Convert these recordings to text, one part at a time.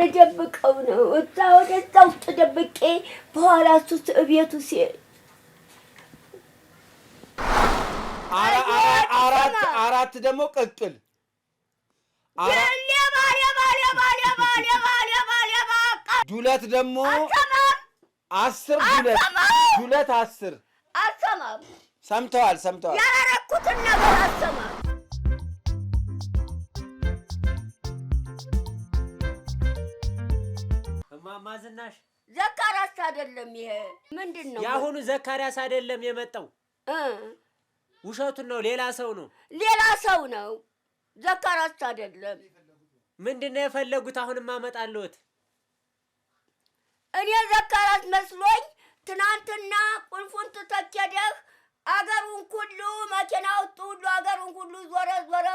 ልደብቀው ነው እዛ ወደዛ ውስጥ ደብቄ በኋላ እሱ እቤቱ ሲሄድ አራት ደግሞ ቅቅል ዱለት ደግሞ አስር ዱለት ዱለት አስር ሰምተዋል ሰምተዋል ያላረኩትን ነገር አሰማ ማዝናሽ ዘካሪያስ አይደለም። ይሄ ምንድን ነው? የአሁኑ ዘካሪያስ አይደለም የመጣው ውሸቱን ነው። ሌላ ሰው ነው። ሌላ ሰው ነው። ዘካሪያስ አይደለም። ምንድን ነው የፈለጉት? አሁንማ እመጣለሁት። እኔ ዘካሪያስ መስሎኝ ትናንትና ቁልፉን ትተህ ሄደህ አገሩን ሁሉ መኪና ውስጥ ሁሉ አገሩን ሁሉ ዞረ ዞረ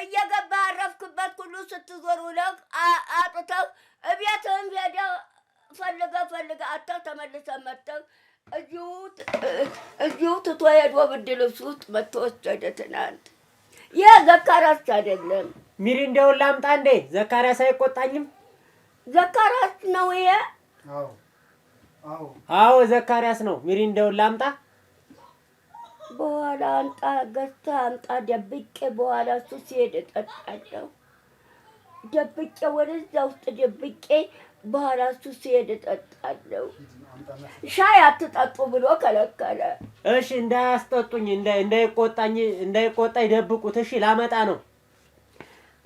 እየገባህ አረፍክበት ሁሉ ስትዞር ውለህ አጥተህ እቤትህም ሄደህ ፈልገ ፈልገህ አጥተህ ተመልሰህ መጥተህ እዚሁ ትቶ ሄዶ ብርድ ልብስ ውስጥ መጥቶ ወሰደ። ትናንት ይህ ዘካራስ አይደለም። ሚሪንዳውን ላምጣ እንዴ? ዘካሪያስ አይቆጣኝም? ዘካሪያስ ነው ይሄ። አዎ ዘካሪያስ ነው። ሚሪንዳውን ላምጣ በኋላ አምጣ ገዝተህ አምጣ ደብቄ፣ በኋላ እሱ ሲሄድ እጠጣለሁ። ደብቄ ወደዛ ውስጥ ደብቄ ባህራቱ ሲሄድ እጠጣለሁ። ሻይ አትጠጡ ብሎ ከለከለ። እሺ እንዳያስጠጡኝ፣ እንዳይቆጣኝ፣ እንዳይቆጣኝ ደብቁት። እሺ ላመጣ ነው።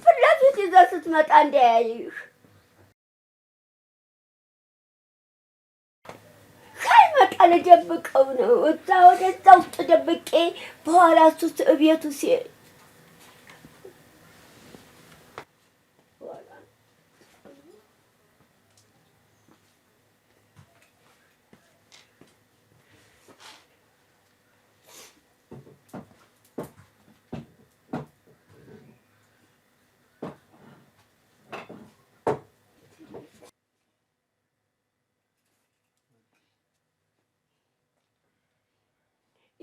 ፊት ለፊት ይዘህ ስትመጣ እንዳያይሽ። ሳይመጣ ልደብቀው ነው። እዛ ወደዛ ውስጥ ደብቄ በኋላ እሱ ቤቱ ሲሄድ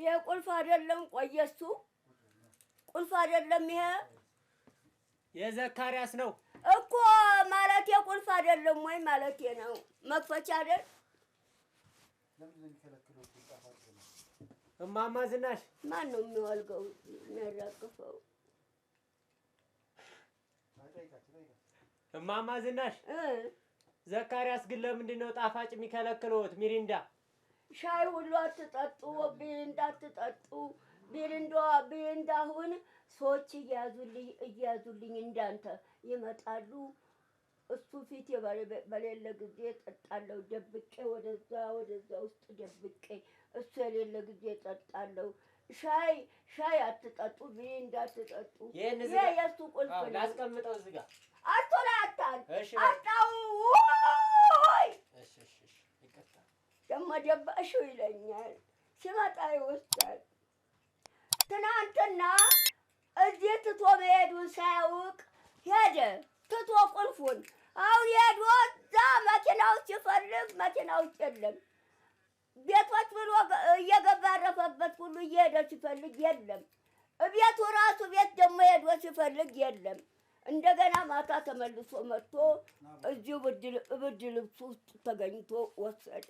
ይሄ ቁልፍ አይደለም። ቆየሱ ቁልፍ አይደለም። ይሄ የዘካሪያስ ነው እኮ ማለት የቁልፍ አይደለም ወይ ማለት ነው። መክፈቻ አይደል? እማማ ዝናሽ ማን ነው የሚወልገው የሚያራቅፈው? እማማ ዝናሽ ዘካሪያስ ግን ለምንድን ነው ጣፋጭ የሚከለክሉት ሚሪንዳ ሻይ ሁሉ አትጠጡ፣ ቤንዳ አትጠጡ። ቤንዳ ቤንዳ አሁን ሰዎች እያዙልኝ እያዙልኝ እንዳንተ ይመጣሉ። እሱ ፊት በሌለ ጊዜ ጠጣለሁ፣ ደብቄ ወደዛ ወደዛ ውስጥ ደብቄ እሱ የሌለ ጊዜ ጠጣለሁ። ሻይ ሻይ አትጠጡ፣ ቤንዳ አትጠጡ። ይሄ የእሱ ቁልፍ ነው። ላስቀምጠው እዚህ ጋር አቶ ላታል አጣው መደበሹ ይለኛል። ሲመጣ ይወስዳል። ትናንትና እዚህ ትቶ መሄዱን ሳያውቅ ሄደ። ትቶ ቁልፉን አሁን ሄዶ እዛ መኪና ውስጥ ሲፈልግ የለም። ቤቶች ብሎ እየገባ አረፈበት ሁሉ እየሄደ ሲፈልግ የለም። እቤቱ ራሱ ቤት ደግሞ ሄዶ ሲፈልግ የለም። እንደገና ማታ ተመልሶ መጥቶ እዚሁ ብርድ ልብሱ ውስጥ ተገኝቶ ወሰደ።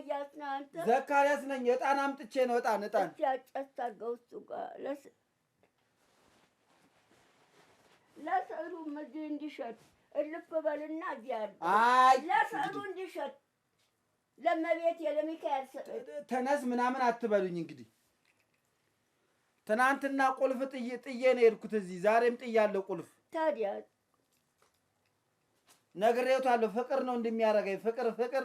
ኢሳያስ ነህ አንተ? ዘካርያስ ነኝ። እጣን አምጥቼ ነው። እጣን እጣን ያጨስ አድርገው ጋር ለሰሩም እዚህ እንዲሸጥ እልፍ በልና እዚህ አይ ለሰሩ እንዲሸጥ ለመቤት ለሚካኤል ተነስ ምናምን አትበሉኝ። እንግዲህ ትናንትና ቁልፍ ጥዬ ነው የሄድኩት። እዚህ ዛሬም ጥያለሁ ቁልፍ ታዲያ ነግሬውታለሁ። ፍቅር ነው እንደሚያደርገኝ ፍቅር ፍቅር።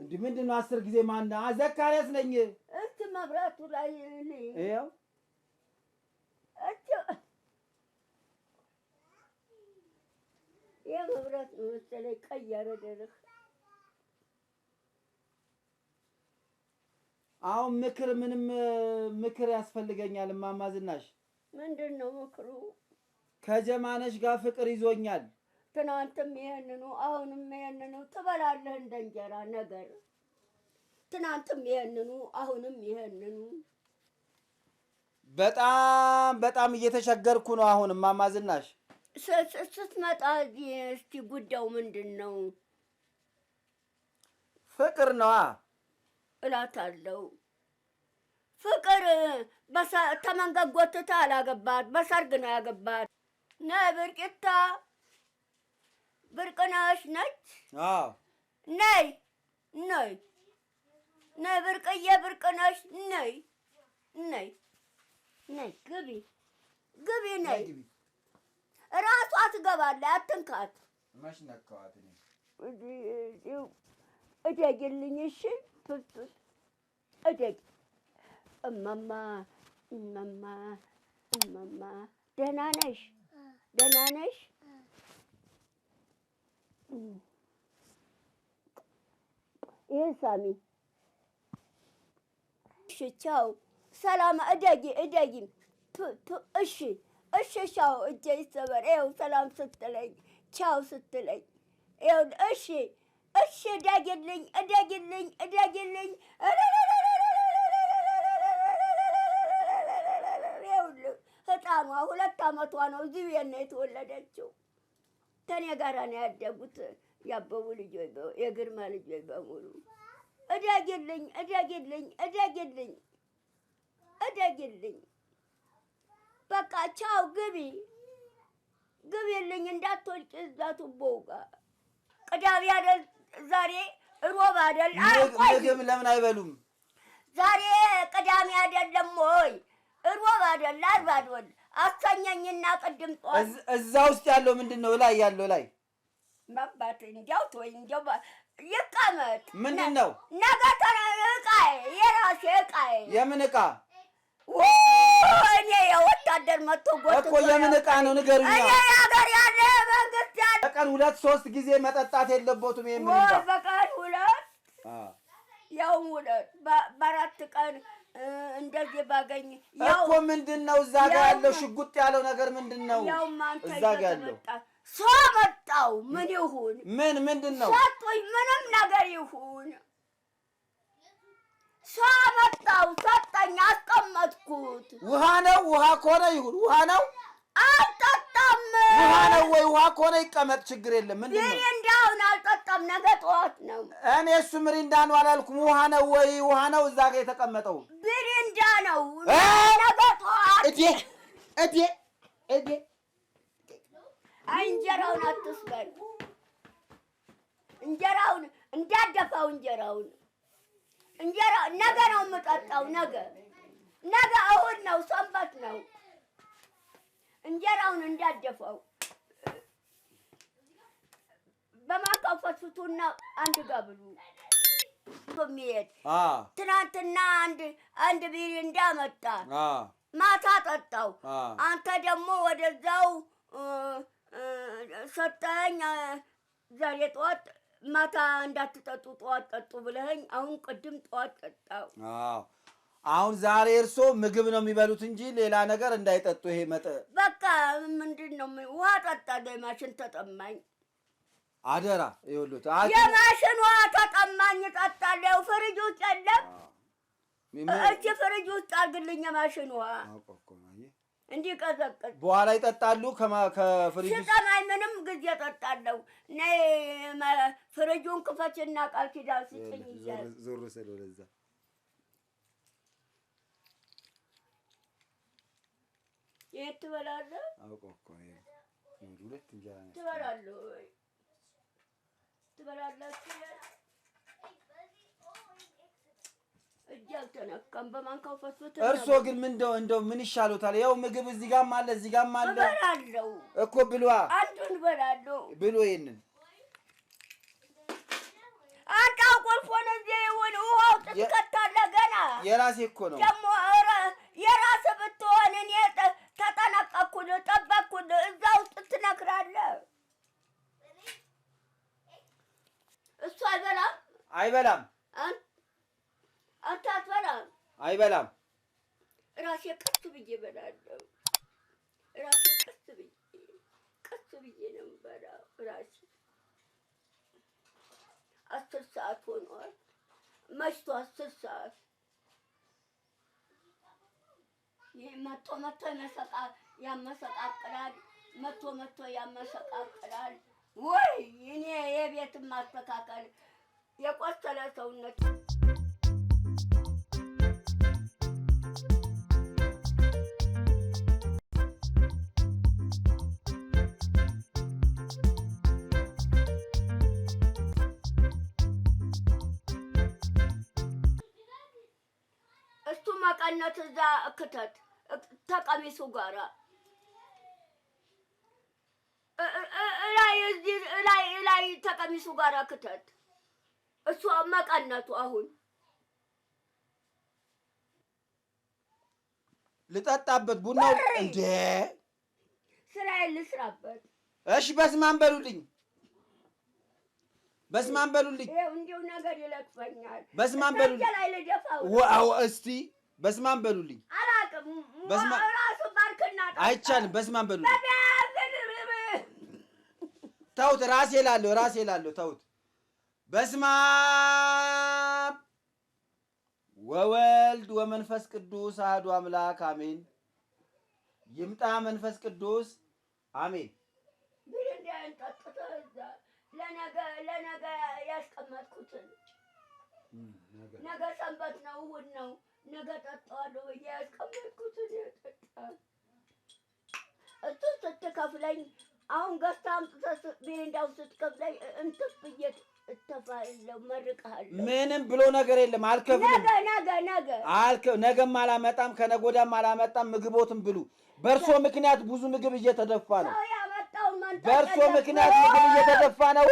እንደ ምንድን ነው አስር ጊዜ ማን ዘካሪያስ ነኝ። እስቲ መብራቱ ላይ ይኸው የመብራት ነው መሰለኝ ቀይ ያደረግህ። አሁን ምክር ምንም ምክር ያስፈልገኛል። እማማ ዝናሽ ምንድን ነው ምክሩ? ከጀማነሽ ጋር ፍቅር ይዞኛል ትናንትም ይሄንኑ አሁንም ይሄንኑ ትበላለህ እንደ እንጀራ ነገር። ትናንትም ይሄንኑ አሁንም ይሄንኑ። በጣም በጣም እየተቸገርኩ ነው። አሁን እማማ ዝናሽ ስትመጣ እስቲ ጉዳዩ ምንድን ነው? ፍቅር ነዋ እላታለሁ። ፍቅር ተመንገድ ጎትታ አላገባት፣ በሰርግ ነው ያገባት ነብርቂታ ብርቅነሽ ነች። አዎ ነይ ነይ ነይ ብርቅዬ ብርቅነሽ ነይ ነይ ነይ ግቢ ግቢ ነይ። እራሷ ትገባለች። አትንካት። መች ነካዋት? እደግልኝ እሺ ፍቱን እደግ እማማ እማማ እማማ ደህና ነሽ? ደህና ነሽ? ይህ ሳሚ እሺ፣ ቻው፣ ሰላም እደጊ እደጊ። እሺ፣ እሺ፣ ቻው። እጄ ይሰበር። ይኸው ሰላም ስትለኝ፣ ቻው ስትለኝ፣ ይኸው እሺ፣ እሺ፣ እደግልኝ፣ እደግልኝ፣ እደግልኝ። ይኸውልህ ህጣኗ ሁለት አመቷ ነው። እዚሁ የት ነው የተወለደችው? ከኔ ጋራ ነው ያደጉት ያበቡ ልጆች የግርማ ልጆች በሙሉ እዳጌልኝ እዳጌልኝ እዳጌልኝ እዳጌልኝ በቃ ቻው ግቢ ግቢልኝ እንዳትወልቂ እዛ ቱቦው ጋር ቅዳሜ አይደል ዛሬ ሮብ አይደል ምግብ ለምን አይበሉም ዛሬ ቅዳሜ አይደለም ወይ ሮብ አይደል አርባ አይደል አሳኛኝና ቅድም ጠዋት እዛ ውስጥ ያለው ምንድን ነው? ላይ ያለው ላይ ባባት እንዲያው ተወኝ፣ እንዲያው ይቀመጥ። ምንድን ነው ነገር እቃዬ፣ የራሴ እቃዬ። የምን እቃ? እኔ የወታደር መጥቶ ጎት እኮ የምን እቃ ነው ንገሩኝ። እኔ ሀገር ያለ መንግስት ያለ በቀን ሁለት ሶስት ጊዜ መጠጣት የለበትም። የለቦትም። የምን በቀን ሁለት ያው ሁለት በአራት ቀን እንደዚህ ባገኝ እኮ ምንድን ነው እዛ ጋ ያለው ሽጉጥ ያለው ነገር ምንድን ነው? እዛ ጋ ያለው ሰው መጣው። ምን ይሁን ምን ምንድን ነው ሰጡኝ። ምንም ነገር ይሁን ሰው መጣው፣ ሰጠኝ፣ አስቀመጥኩት። ውሃ ነው ውሃ ከሆነ ይሁን ውሃ ነው አጣ አልጠጣም። ውሃ ነው ወይ? ውሃ ከሆነ ይቀመጥ፣ ችግር የለም። ምንድን ነው ሚሪንዳውን አልጠጣም። ነገ ጠዋት ነው። እኔ እሱ ሚሪንዳ ነው አላልኩም። ውሃ ነው ወይ? ውሃ ነው። እዛ ጋር የተቀመጠው ምሪንዳ ነው። ነገ ጠዋት እዴ እዴ እዴ እንጀራውን አትስበል። እንጀራውን እንዳደፋው እንጀራውን እንጀራ ነገ ነው የምጠጣው። ነገ ነገ እሑድ ነው፣ ሰንበት ነው። እንጀራውን እንዳደፈው በማካፈት ፍቱና አንድ ጋር ብሉ። የሚሄድ ትናንትና አንድ አንድ ቢሪ እንዳመጣ ማታ ጠጣው። አንተ ደግሞ ወደዛው ሰጠኝ። ዛሬ ጠዋት ማታ እንዳትጠጡ ጠዋት ጠጡ ብለኸኝ፣ አሁን ቅድም ጠዋት ጠጣው። አሁን ዛሬ እርሶ ምግብ ነው የሚበሉት እንጂ ሌላ ነገር እንዳይጠጡ። ይሄ መጠ በቃ ምንድን ነው? ውሃ ጠጣ። ማሽን ተጠማኝ። አደራ ይሉት የማሽን ውሃ ተጠማኝ፣ ጠጣለው ፍሪጅ ውስጥ የለም። እቺ ፍሪጅ ውስጥ አድርግልኝ የማሽን ውሃ እንዲቀዘቅዝ። በኋላ ይጠጣሉ። ከፍሪጅ ሲጠማኝ ምንም ጊዜ እጠጣለሁ። ፍሪጁን ክፈችና ቃል ኪዳን ስጭኝ እያለ ዞር ወደዛ የት ትበላለህ? አውቀው እኮ ነው። ሁለት እንጀራ ነው ትበላለህ ወይ ትበላላችሁ? እርሶ ግን ምን እንደው እንደው ምን ይሻሉታል? ያው ምግብ እዚህ ጋርም አለ እዚህ ጋርም አለ። እኮ ብሏ። አንዱን እበላለሁ ብሎ ይሄንን አንቃው ቆልፎ ነው እዚህ የሆነ ውሃው ትከታለህ ገና። የራሴ እኮ ነው ደግሞ የራስህ ብትሆን እኔ ጠበኩን ጠበኩን እዛ ውስጥ ትነግራለህ። እሱ አይበላም አይበላም። አንተ አትበላም አይበላም። ራሴ ቀስ ብዬ እበላለሁ። ራሴ ቀስ ብዬ ቀስ ብዬ ነው የምበላው። ራሴ አስር ሰዓት ሆኗል። መሽቶ አስር ሰዓት ይህ መጥቶ መጥቶ ይመሰቃል። ያመሰቃቅላል። መቶ መቶ ያመሰቃቅላል። ወይ እኔ የቤትን ማስተካከል የቆሰለ ሰውነት እሱ መቀነት እዛ እክተት ተቀሚሱ ጋራ ላይ ላይ ተቀሚሱ ጋር ክተት። እሷ መቀነቱ አሁን ልጠጣበት ቡናው እንደ ስራዬን ልስራበት። እሺ በስመ በሉልኝ፣ በስመ አብ በሉልኝ። እንዲሁ ነገር ይለቅፈኛል። በስመ አብ በሉልኝ። እስቲ በስመ አብ በሉልኝ። አላውቅም ራሱ ባርክና አይቻልም። በስመ በሉልኝ እንዲሁ ነገር ይለቅፈኛል በስመ አብ በሉልኝ እስቲ በስመ በሉልኝ አላውቅም ራሱ ባርክና አይቻልም በስመ በሉልኝ ተውት፣ ራሴ እላለሁ፣ ራሴ እላለሁ። ተውት። በስመ አብ ወወልድ ወመንፈስ ቅዱስ አህዱ አምላክ አሜን። ይምጣ መንፈስ ቅዱስ አሜን። ለነገ ለነገ ያስቀመጥኩትን ነገ ሰንበት ነው፣ እሑድ ነው። ነገ ጠጣዋለሁ ብዬ ያስቀመጥኩትን እሱ ስትከፍለኝ አሁን ገዝታ አምጥተሽ ቤሬንዳውን ስትከፍለኝ እንትፍ ብዬሽ እተፋለሁ፣ መርቅሃለሁ። ምንም ብሎ ነገር የለም። አልከፍልም። ነገ ነገ አልከ ነገም አላመጣም፣ ከነገ ወዲያም አላመጣም። ምግቦትም ብሉ። በእርሶ ምክንያት ብዙ ምግብ እየተደፋ ነው። በእርሶ ምክንያት ምግብ እየተደፋ ነው።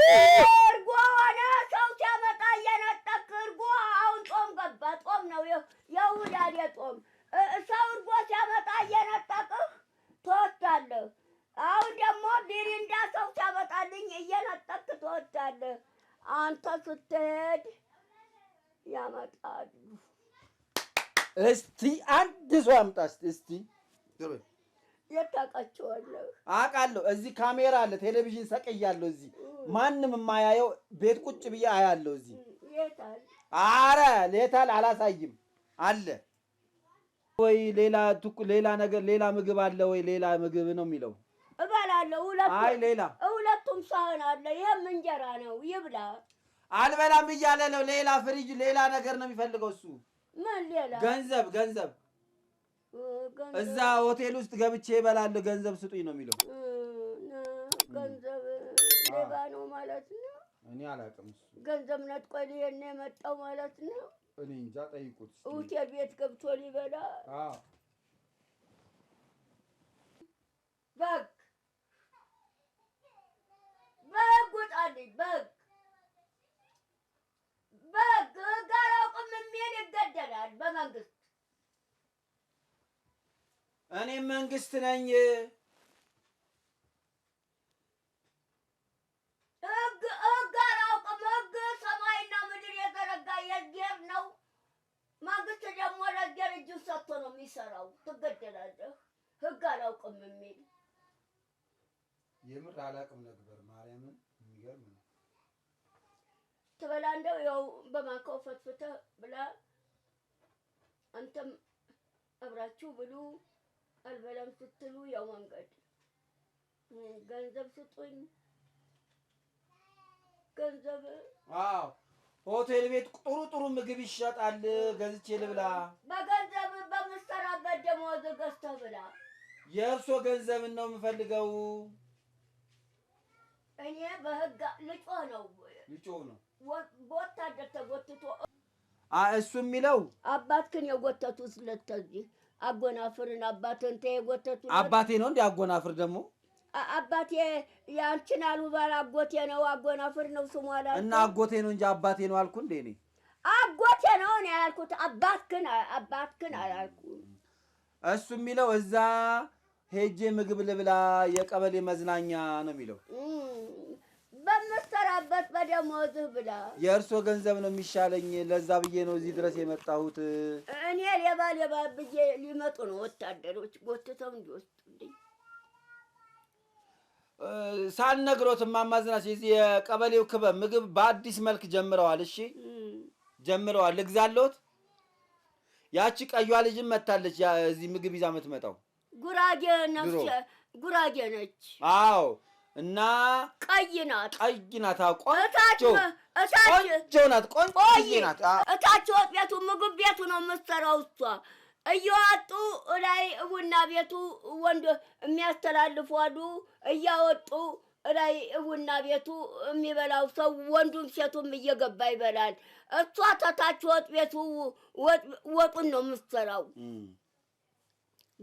እርጎ ሆነ ሰው ሲያመጣ እየነጠቅ እርጎ። አሁን ጾም ገባ። ጾም ነው ጾም። ሰው እርጎ ሲያመጣ እየነጠቅህ አሁን ደግሞ ቢሪንዳ ሰው ሲያመጣልኝ እየነጠቅክ ትወጣለህ። አንተ ስትሄድ ያመጣሉ። እስቲ አንድ ሰው ያምጣ። እስቲ የታውቃቸዋለሁ፣ አውቃለሁ። እዚህ ካሜራ አለ፣ ቴሌቪዥን ሰቅያለሁ። እዚህ ማንም የማያየው ቤት ቁጭ ብዬ አያለሁ። እዚህ አረ ሌታል አላሳይም አለ ወይ ሌላ ሌላ ነገር ሌላ ምግብ አለ ወይ ሌላ ምግብ ነው የሚለው አለ። አይ ሌላ ሁለቱም ሳህን አለ። ይህም እንጀራ ነው፣ ይብላ። አልበላም እያለ ነው። ሌላ ፍሪጅ፣ ሌላ ነገር ነው የሚፈልገው እሱ። ምን ሌላ? ገንዘብ ገንዘብ እዛ ሆቴል ውስጥ ገብቼ እበላለሁ፣ ገንዘብ ስጡኝ ነው የሚለው። ገንዘብ ሌባ ነው ማለት ነው። እኔ አላውቅም። ገንዘብ ነጥቆ ሊሄድ ነው የመጣው ማለት ነው። እኔ እንጃ፣ ጠይቁት። ሆቴል ቤት ገብቶ ሊበላ በግ ውጣልኝ። በህግ በህግ ህግ አላውቅም የሚል ይገደላል በመንግስት። እኔም መንግስት ነኝ። ህግ ህግ አላውቅም። ህግ ሰማይና ምድር የዘረጋ የእግዜር ነው። መንግስት ደግሞ ለእግዜር እጁን ሰጥቶ ነው የሚሰራው። ትገደላለህ። ህግ አላውቅም የሚል የምር አላውቅም ነበር ማርያምን የሚገርም ነው። ትበላ እንደው ያው በማካው ፈትፍተ ብላ፣ አንተም አብራችሁ ብሉ። አልበላም ስትሉ ያው መንገድ ገንዘብ ስጡኝ፣ ገንዘብ አዎ፣ ሆቴል ቤት ጥሩ ጥሩ ምግብ ይሸጣል፣ ገዝቼ ልብላ። በገንዘብ በምሰራበት ደሞዝ ገዝተህ ብላ። የእርሶ ገንዘብን ነው የምፈልገው። እኔ በህግ ልጮህ ነው ልጮህ ነው። በወታደር ተጎትቶ እሱ የሚለው አባትክን የጎተቱ ስለተዚህ አጎናፍርን አባትን ተ የጎተቱ አባቴ ነው እንደ አጎናፍር ደግሞ አባቴ ያንቺን አሉባል አጎቴ ነው አጎናፍር ነው ስሙ አላ እና አጎቴ ነው እንጂ አባቴ ነው አልኩ እንዴ እኔ አጎቴ ነው እኔ ያልኩት አባትክን አባትክን እሱ የሚለው እዛ ሄጄ ምግብ ልብላ የቀበሌ መዝናኛ ነው የሚለው። በምሰራበት በደሞዝህ ብላ። የእርሶ ገንዘብ ነው የሚሻለኝ፣ ለዛ ብዬ ነው እዚህ ድረስ የመጣሁት። እኔ ሌባ ሌባ ብዬ ሊመጡ ነው ወታደሮች ጎትተው እንዲወስዱልኝ ሳልነግሮት ማማዝናች የዚህ የቀበሌው ክበብ ምግብ በአዲስ መልክ ጀምረዋል። እሺ ጀምረዋል። ልግዛለሁት። ያቺ ቀዩዋ ልጅም መታለች እዚህ ምግብ ይዛ የምትመጣው ጉራጌ ጉራጌ ነች። አዎ እና ቀይ ናት፣ ቀይ ናት። ቆንጆ ናት፣ ቆንጆ ናት። እታች ወጥ ቤቱ ምግብ ቤቱ ነው የምትሰራው እሷ እየወጡ ላይ ቡና ቤቱ ወንድ የሚያስተላልፉ አሉ። እያወጡ ላይ ቡና ቤቱ የሚበላው ሰው ወንዱም ሴቱም እየገባ ይበላል። እሷ ተታች ወጥ ቤቱ ወጡን ነው የምትሰራው።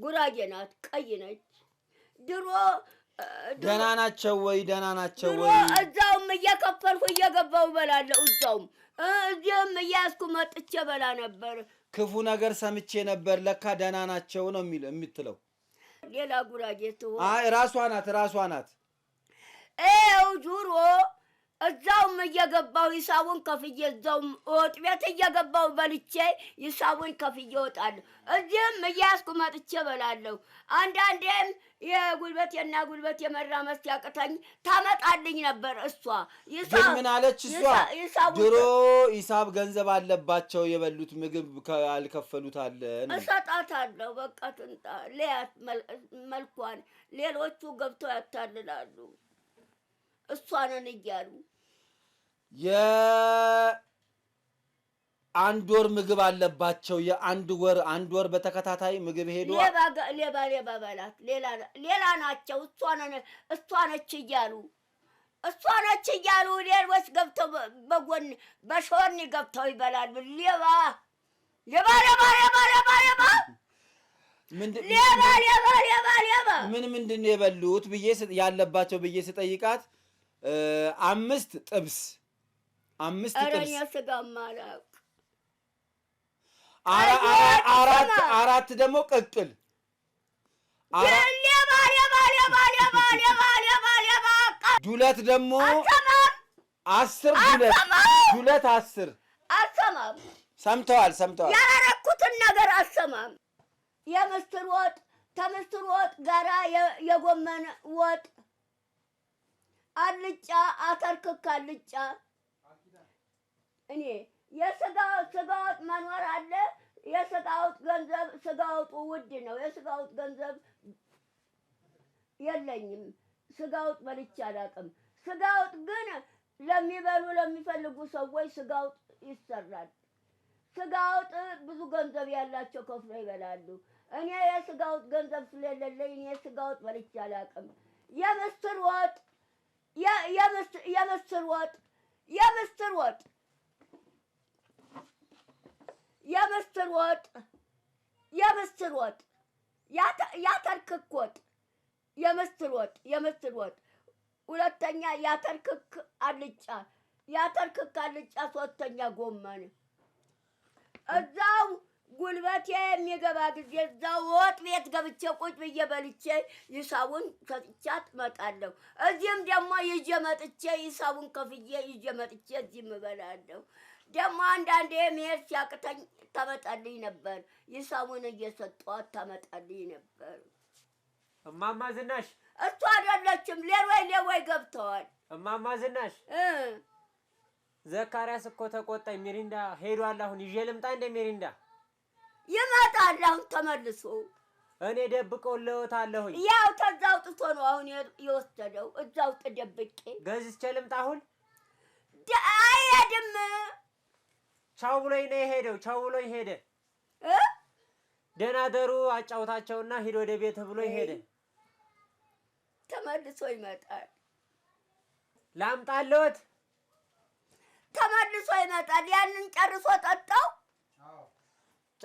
ጉራጌ ናት፣ ቀይ ነች። ድሮ ደህና ናቸው ወይ ደህና ናቸው ወይ? እዛውም እየከፈልኩ እየገባው እበላለሁ። እዛውም እዚህም እያያዝኩ መጥቼ በላ ነበር። ክፉ ነገር ሰምቼ ነበር። ለካ ደህና ናቸው ነው የምትለው። ሌላ ጉራጌ ትሆን? አይ ራሷ ናት፣ ራሷ ናት። ይኸው ዙሮ እዛውም እየገባው ሂሳቡን ከፍዬ እዛውም ወጥ ቤት እየገባው በልቼ ሂሳቡን ከፍዬ እወጣለሁ። እዚህም እያያዝኩ መጥቼ እበላለሁ። አንዳንዴም የጉልበት የና ጉልበት የመራ መስት ያቅተኝ ታመጣልኝ ነበር። እሷ ግን ምን አለች? እሷ ድሮ ሂሳብ ገንዘብ አለባቸው የበሉት ምግብ አልከፈሉት አለ። እሰጣታለሁ። በቃ ትንጣ ሌያት መልኳን ሌሎቹ ገብተው ያታልላሉ እሷንን እያሉ የአንድ ወር ምግብ አለባቸው። የአንድ ወር አንድ ወር በተከታታይ ምግብ ሄዱ ሌባ ሌባ በላት ሌላ ናቸው። እሷ ነች እያሉ እሷ ነች እያሉ ሌሎች ገብተው በጎን በሾኒ ገብተው ይበላሉ። ሌባ ሌባ ሌባ ሌባ ሌባ ሌባ ሌባ ምን ምንድን ነው የበሉት ብዬ ያለባቸው ብዬ ስጠይቃት አምስት ጥብስ አምስት ጥርስ አራት ደግሞ ቅቅል ዱለት ደግሞ አስር ዱለት ዱለት አስር አሰማም ሰምተዋል ሰምተዋል። ያላረኩትን ነገር አሰማም። የምስር ወጥ ከምስር ወጥ ጋራ የጎመን ወጥ አልጫ አተርክክ አልጫ እኔ የስጋ ስጋ መኖር አለ። የስጋ ገንዘብ ስጋውጡ ውድ ነው። የስጋ ገንዘብ የለኝም። ስጋ ወጥ በልቼ አላውቅም። ስጋ ግን ለሚበሉ ለሚፈልጉ ሰዎች ስጋ ይሰራል። ስጋውጥ ብዙ ገንዘብ ያላቸው ከፍሎ ይበላሉ። እኔ የስጋ ገንዘብ ስለሌለኝ እኔ ስጋ ወጥ በልቼ አላውቅም። የምስር ወጥ የምስር ወጥ የምስር ወጥ የምስር ወጥ የምስር ወጥ ያተርክክ ወጥ የምስር ወጥ የምስር ወጥ ሁለተኛ ያተርክክ አልጫ ያተርክክ አልጫ ሶስተኛ ጎመን እዛው ጉልበቴ የሚገባ ጊዜ እዛው ወጥ ቤት ገብቼ ቁጭ ብዬ በልቼ ይሳቡን ከጥቻ ትመጣለሁ። እዚህም ደግሞ ይዤ መጥቼ ከፍዬ ይዤ መጥቼ እዚህም እበላለሁ። ደግሞ አንዳንዴ መሄድ ሲያቅተኝ ታመጣልኝ ነበር። ይሳሙን እየሰጧት ታመጣልኝ ነበር። እማማ ዝናሽ እሱ አይደለችም። ሌሎይ ሌሎይ ገብተዋል። እማማ ዝናሽ ዘካሪያስ እኮ ተቆጣኝ። ሚሪንዳ ሄዷል። አሁን ይዤ ልምጣ። እንደ ሚሪንዳ ይመጣል አሁን ተመልሶ። እኔ ደብቀው አለሁኝ። ያው ተዛ አውጥቶ ነው አሁን የወሰደው። እዛ ውጥ ደብቄ ገዝቼ ልምጣ አሁን አይሄድም። ቻው ብሎኝ ነው የሄደው። ቻው ብሎኝ ሄደ። ደህና ደሩ አጫውታቸውና ሂድ ወደ ቤት ብሎ ሄደ። ተመልሶ ይመጣል። ላምጣለት ተመልሶ ይመጣል። ያንን ጨርሶ ጠጣው።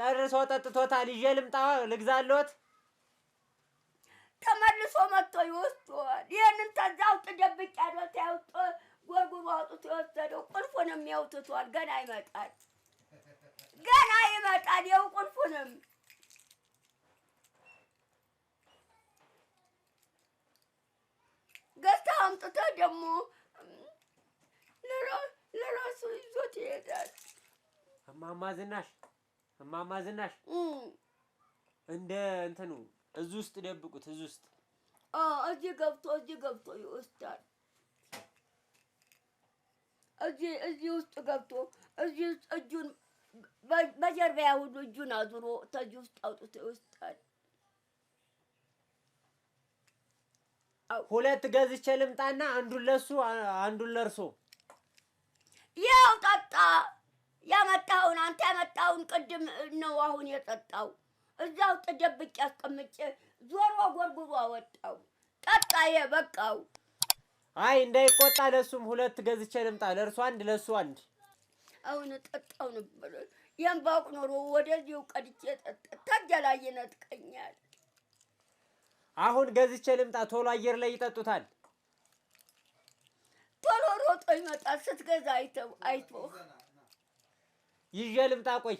ጨርሶ ጠጥቶታል። ይዤ ልምጣ ልግዛልዎት? ተመልሶ መጥቶ ይወስደዋል። ይህንን ተዛውጥ ደብቅ ያለት ያውጥ ጎርጉሮ አውጥቶ የወሰደው ቁልፉንም ያውትቷል። ገና ይመጣል፣ ገና ይመጣል። ይኸው ቁልፉንም ገዝታ አምጥቶ ደግሞ ለራሱ ይዞት ይሄዳል። እማማ ዝናሽ እማማ ዝናሽ እንደ እንትኑ እዚህ ውስጥ ደብቁት። እዚህ ውስጥ እዚህ ገብቶ እዚህ ገብቶ ይወስዳል። እዚህ እዚህ ውስጥ ገብቶ እዚህ ውስጥ እጁን በጀርባያ ሁሉ እጁን አዙሮ ተዚህ ውስጥ አውጥቶ ይወስዳል። ሁለት ገዝቼ ልምጣና አንዱን ለሱ አንዱን ለእርሶ። ያው ጠጣ ያመጣውን አንተ ያመጣውን ቅድም ነው አሁን የጠጣው። እዛው ጥደብቅ ያስቀምጭ ዞሮ ጎርጉሮ አወጣው። ጠጣ በቃው። አይ እንዳይቆጣ፣ ለሱም ሁለት ገዝቼ ልምጣ። ለእርሱ አንድ፣ ለሱ አንድ። አሁን ጠጣው ነበር የምባቁ ኖሮ ወደዚው ቀድቼ ታጃላየ ነጥቀኛል። አሁን ገዝቼ ልምጣ። ቶሎ አየር ላይ ይጠጡታል። ቶሎ ሮጦ ይመጣል። ስትገዛ አይተው አይቶ ይዤ ልምጣ። ቆይ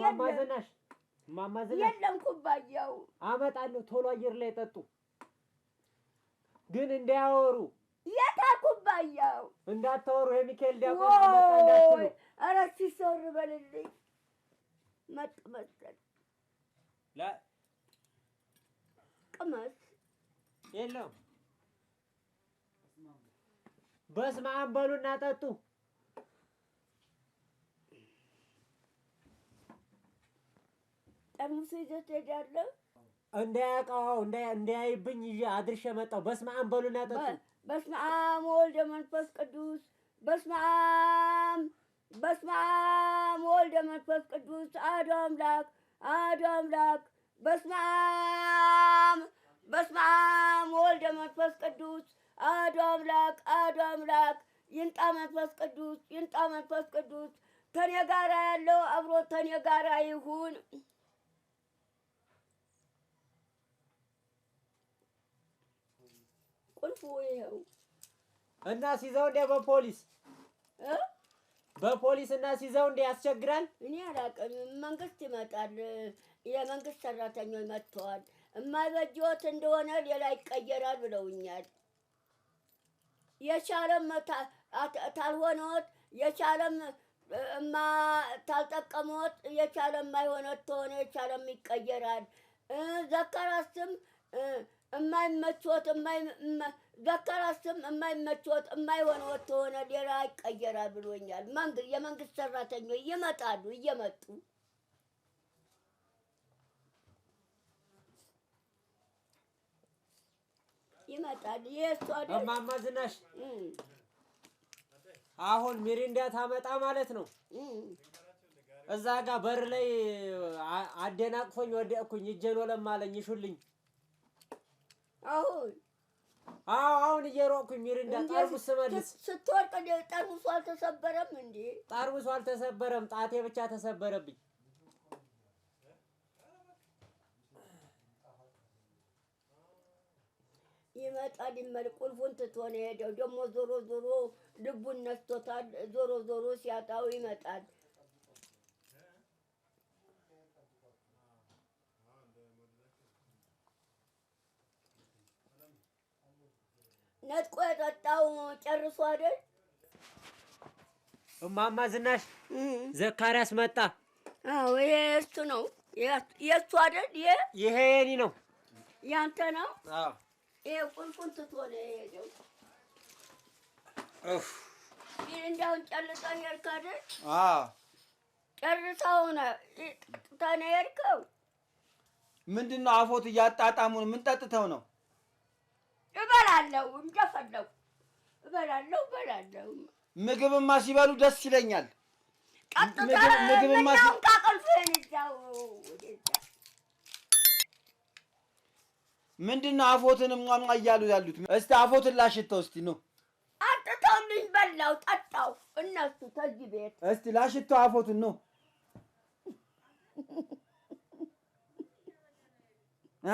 እማማ ዝናሽ የለም ኩባያው አመጣለሁ። ቶሎ አየር ላይ ጠጡ፣ ግን እንዳያወሩ። የታ ኩባያው? እንዳታወሩ። የሚካኤል ዲያቆን እንዳትሉ። ኧረ ሲሰሩ በልልኝ። መጡ መሰል ቅመስ የለም። በስመ አብ በሉና ጠጡ። ጠርሙስ ይዘህ ትሄዳለህ። እንዳያውቀው እንዳያይብኝ ይዤ አድርሼ መጣሁ። በስመ አብ በሉና ጠጡ። በስመ አብ ወልደ መንፈስ ቅዱስ በስመ አብ በስመ አብ ወልደ መንፈስ ቅዱስ አሐዱ አምላክ አሐዱ አምላክ በስመ አብ በስመ አብ ወልደ መንፈስ ቅዱስ አሐዱ አምላክ አሐዱ አምላክ ይንጣ መንፈስ ቅዱስ ይንጣ መንፈስ ቅዱስ ተኔ ጋራ ያለው አብሮ ተኔ ጋራ ይሁን። ቁልፉ ይኸው እና ሲዘው እንደ በፖሊስ በፖሊስ እና ሲዘው እንደ ያስቸግራል። እኔ አላውቅም። መንግስት ይመጣል፣ የመንግስት ሰራተኞች መጥተዋል። የማይበጅዎት እንደሆነ ሌላ ይቀየራል ብለውኛል። የቻለም ታልሆነዎት የቻለም እማ ታልጠቀመዎት የቻለም የማይሆነዎት ተሆነ የቻለም ይቀየራል ዘካራስም የማይመቾት ዘከራስም የማይመቾት የማይሆንዎት ተሆነ ሌላ ይቀየራል ብሎኛል። የመንግስት ሰራተኞች ይመጣሉ እየመጡ ይመጣል። እማማ ዝናሽ አሁን ሚሪንዳ ታመጣ ማለት ነው። እዛ ጋር በር ላይ አደናቅፎኝ ወደኩኝ እጄን ወለማለኝ ይሹልኝ አሁን አዎ አሁን እየሮቅኩኝ ሚሪንዳ ጠርሙስ ስመልስ ስትወርቅ ጠርሙሱ አልተሰበረም እንዴ? ጠርሙሱ አልተሰበረም፣ ጣቴ ብቻ ተሰበረብኝ። ይመጣል ይመል ቁልፉን ትቶ ነው የሄደው። ደግሞ ዞሮ ዞሮ ልቡን ነስቶታል። ዞሮ ዞሮ ሲያጣው ይመጣል። ጨርሶ አይደል? እማማ ዝናሽ ዘካሪያስ መጣ። አዎ ይሄ የእሱ ነው። የእሱ አይደል? ይሄ የኔ ነው። ያንተ ነው? አዎ ይሄ ትቶ ነው የሄደው። ይሄ እንዳሁን ጨርሰው አይደል? አዎ ጨርሰው ነው የሄድከው። ምንድን ነው አፎት እያጣጣሙን? ምን ጠጥተው ነው? እበላለሁ እንደፈለጉ እበላለሁ እበላለሁ። ምግብማ ሲበሉ ደስ ይለኛል። ምንድን ነው አፎትን ሟሟ እያሉ ያሉት? እስቲ አፎትን ላሽተው እስቲ ነው አጥተውልኝ በላው ጠጣው። እነሱ ከዚህ ቤት እስቲ ላሽተው አፎትን ነው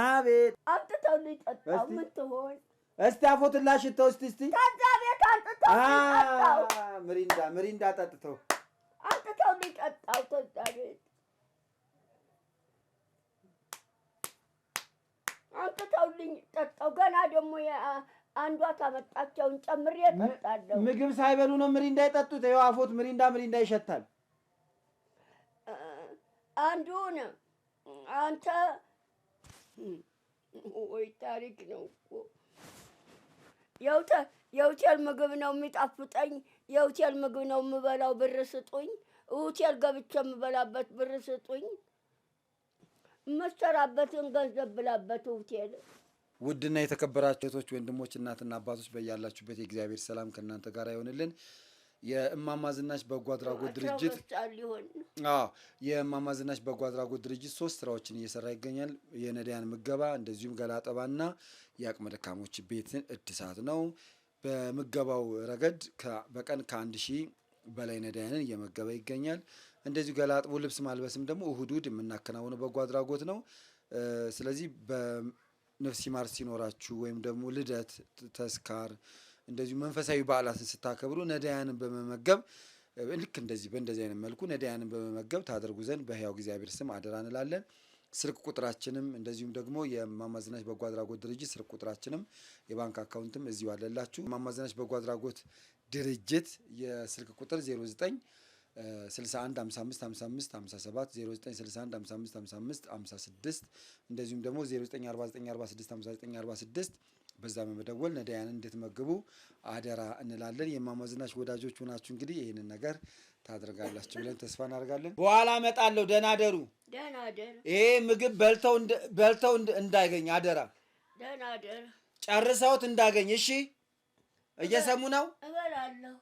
አቤት አጥተውልኝ ጠጣው። ምን ትሆን እስቲ አፎትን ላሽተው እስቲ እስቲ ከዛ ቤት አንጥተው ምሪንዳ ምሪንዳ ጠጥተው አንጥተው ከዛ ቤት አንጥተውልኝ ጠጣው። ገና ደግሞ አንዷ ታመጣቸውን ጨምሬ ምግብ ሳይበሉ ነው ምሪንዳ የጠጡት። ይኸው አፎት ምሪንዳ ምሪንዳ ይሸታል። አንዱን አንተ ወይ ታሪክ ነው እኮ የሆቴል ምግብ ነው የሚጣፍጠኝ፣ የሆቴል ምግብ ነው የምበላው፣ ብር ስጡኝ። ሆቴል ገብቼ የምበላበት ብር ስጡኝ። የምሰራበትን ገንዘብ ብላበት ሆቴል ውድና የተከበራችሁ እህቶች፣ ወንድሞች፣ እናትና አባቶች በያላችሁበት የእግዚአብሔር ሰላም ከእናንተ ጋር ይሆንልን። የእማማ ዝናሽ በጎ አድራጎት ድርጅት የእማማ ዝናሽ በጎ አድራጎት ድርጅት ሶስት ስራዎችን እየሰራ ይገኛል። የነዳያን ምገባ፣ እንደዚሁም ገላጠባና የአቅመ ደካሞች ቤትን እድሳት ነው። በምገባው ረገድ በቀን ከአንድ ሺህ በላይ ነዳያንን እየመገበ ይገኛል። እንደዚሁ ገላጥቦ ልብስ ማልበስም ደግሞ እሁድ እሁድ የምናከናውነው በጎ አድራጎት ነው። ስለዚህ በነፍሲ ማር ሲኖራችሁ ወይም ደግሞ ልደት፣ ተስካር እንደዚሁ መንፈሳዊ በዓላትን ስታከብሩ ነዳያንን በመመገብ ልክ እንደዚህ በእንደዚህ አይነት መልኩ ነዳያንን በመመገብ ታደርጉ ዘንድ በህያው እግዚአብሔር ስም አደራ እንላለን። ስልክ ቁጥራችንም እንደዚሁም ደግሞ የእማማ ዝናሽ በጎ አድራጎት ድርጅት ስልክ ቁጥራችንም የባንክ አካውንትም እዚሁ አለላችሁ። እማማ ዝናሽ በጎ አድራጎት ድርጅት የስልክ ቁጥር 09 61 55 55 57 09 61 55 55 56 እንደዚሁም ደግሞ 09 በዛ በመደወል ነዳያን እንድትመግቡ አደራ እንላለን። የማመዝናሽ ወዳጆች ሆናችሁ እንግዲህ ይህንን ነገር ታደርጋላችሁ ብለን ተስፋ እናደርጋለን። በኋላ እመጣለሁ። ደህና ደሩ። ይሄ ምግብ በልተው እንዳይገኝ አደራ፣ ጨርሰውት እንዳገኝ። እሺ፣ እየሰሙ ነው። እበላለሁ